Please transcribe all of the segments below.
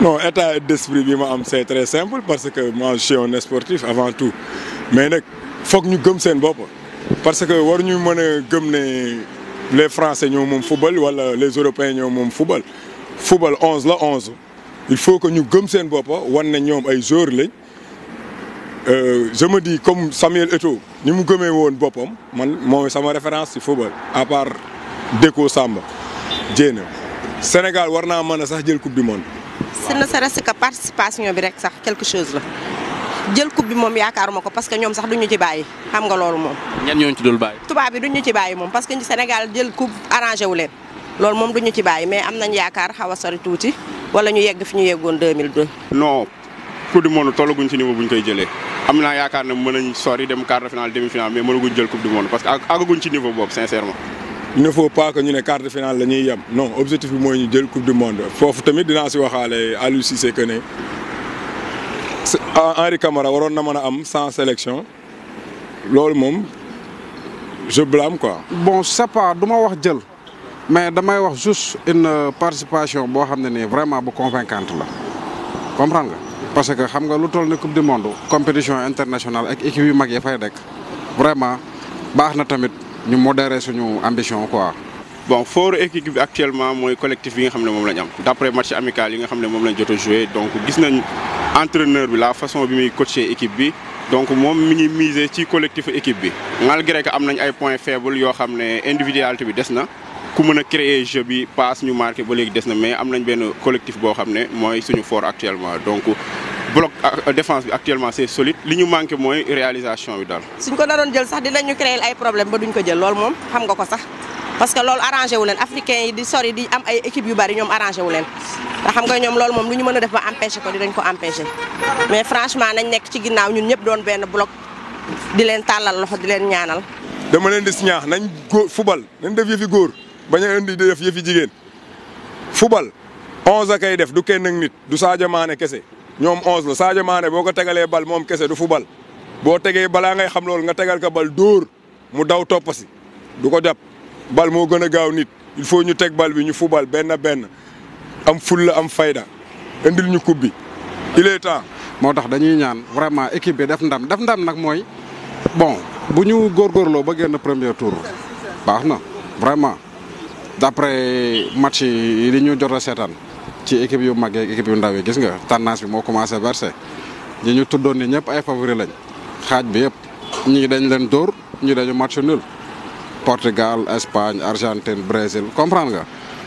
non état d'esprit bi ma am c'est très simple parce que moi je suis un sportif avant tout mais nag foog ñu gëm seen bopp parce que war ñu mën a gëm ne les français ñoo moom football wala les européens ñoo moom football football onze la onze il faut que ñu gëm seen bopp war ne ñoom ay joueurs lañ euh, je me dis comme Samuel Eto'o ni mu gëmee woon boppam man mooy sama référence ci football à part sàmba Samba Diéna Sénégal war naa mën a sax jël coupe du monde ce ne serait-ce que participation bi rek sax quelque chose la jël coupe bi moom yaakaaruma ko parce que ñoom sax duñu ci bàyyi xam nga loolu moom. ñan ñooñu ci dul bàyyi. tubaab bi duñu ci bàyyi moom parce que Sénégal jël coupe arrangé wu leen loolu moom duñu ci bàyyi mais am nañ yaakaar xaw a sori tuuti wala ñu yegg fi ñu yeggoon 2002. non coupe du monde tollaguñ ci niveau bu ñu koy jëlee am naa yaakaar ne mën nañ sori dem quart de finale demi finale mais mënaguñ jël coupe du il ne faut pas que ñu ne quart de finale la ñuy non objectif bi mooy ñu jël coupe du monde foofu tamit dina si waxaale Aliou Cissé que ne ah, Henri waroon na mën a am sans sélection loolu moom je blâme quoi. bon c'est pas du ma wax jël mais damay wax juste une euh, participation boo xam ne nii vraiment bu convaincante la comprendre nga. parce que xam nga lu toll ni coupe du monde compétition internationale ak équipe yu mag yi fay nekk vraiment baax na tamit. ñu modérer suñu ambition quoi. bon fort équipe bi actuellement mooy collectif bi nga xam ne moom la ñu am d' après match amical yi nga xam ne moom lañ jot a joué donc gis nañ entraîneur bi la façon bi muy coacher équipe bi donc moom mi ngi miser ci collectif équipe bi malgré que am nañ ay point faibles yoo xam ne individualité bi des na ku mën a créer jeu bi passe ñu marqué ba léegi des na mais am nañ benn collectif boo xam ne mooy suñu fort actuellement donc bloc ah, euh, défense bi actuellement c'est solide li ñu manqué mooy réalisation bi daal. suñ ko naroon jël sax dinañu créer ay problème ba duñ ko jël loolu moom xam nga ko sax parce que loolu arrangé wu leen africain yi di sori di am ay équipe yu bari wu leen xam nga ñoom loolu moom lu ñu mën a def ba empêché ko dinañ mais franchement nañ nekk ci ginnaaw ñun ñëpp doon benn bloc di leen tàllal loxo di leen ñaanal. dama leen di si ñaax nañ góor fubal nañ def yëfi góor bañ a def yëfi jigéen fubal 11 a def du kenn ak nit du Sadio Mané kese. ñoom 11 la Sadio Mané boo ko tegalee bal moom kese du fu bal boo tegee balaa ngay xam loolu nga tegal ko bal door mu daw topp si du ko jàpp bal moo gën a gaaw nit il faut ñu teg bal bi ñu fu bal benn benn am fulla am fayda indil ñu coupe bi il est temps. moo tax dañuy ñaan vraiment équipe bi def ndam def ndam nag mooy bon bu ñu góorgóorloo ba na premier tour baax na vraiment d'après match yi ñu jot a seetaan. ci équipe yu mag yeeg équipe yu ndaw gis nga tendance bi moo commencé versé ñi ñu tuddoon ni ñëpp ay favori lañ xaaj bi yëpp ñii dañ leen dóor ñii dañu match nul Portugal Espagne Argentine Brésil comprendre nga.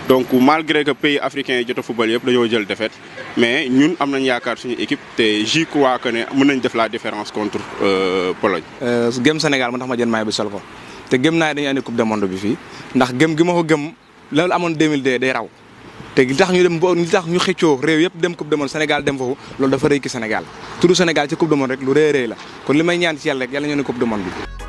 donc malgré que pays africain yi jot a football yëpp dañoo jël défaite mais ñun am nañ yaakaar suñu équipe te j'y crois que ne mën nañ def la différence contre euh, Pologne. Euh, gëm Sénégal ma tax ma jël maay bi sol ko te gëm naa dañuy andi coupe du monde bi fii ndax gëm gi ma gëm loolu amoon 2002 day raw. te li tax ñu dem ba li ñu xëccoo réew yëpp dem coupe du monde Sénégal dem foofu loolu dafa rëy ki Sénégal turu Sénégal ci coupe du monde rek lu rëy rëy la kon li may ñaan ci yàlla rek yàlla ñoo ne coupe du monde bi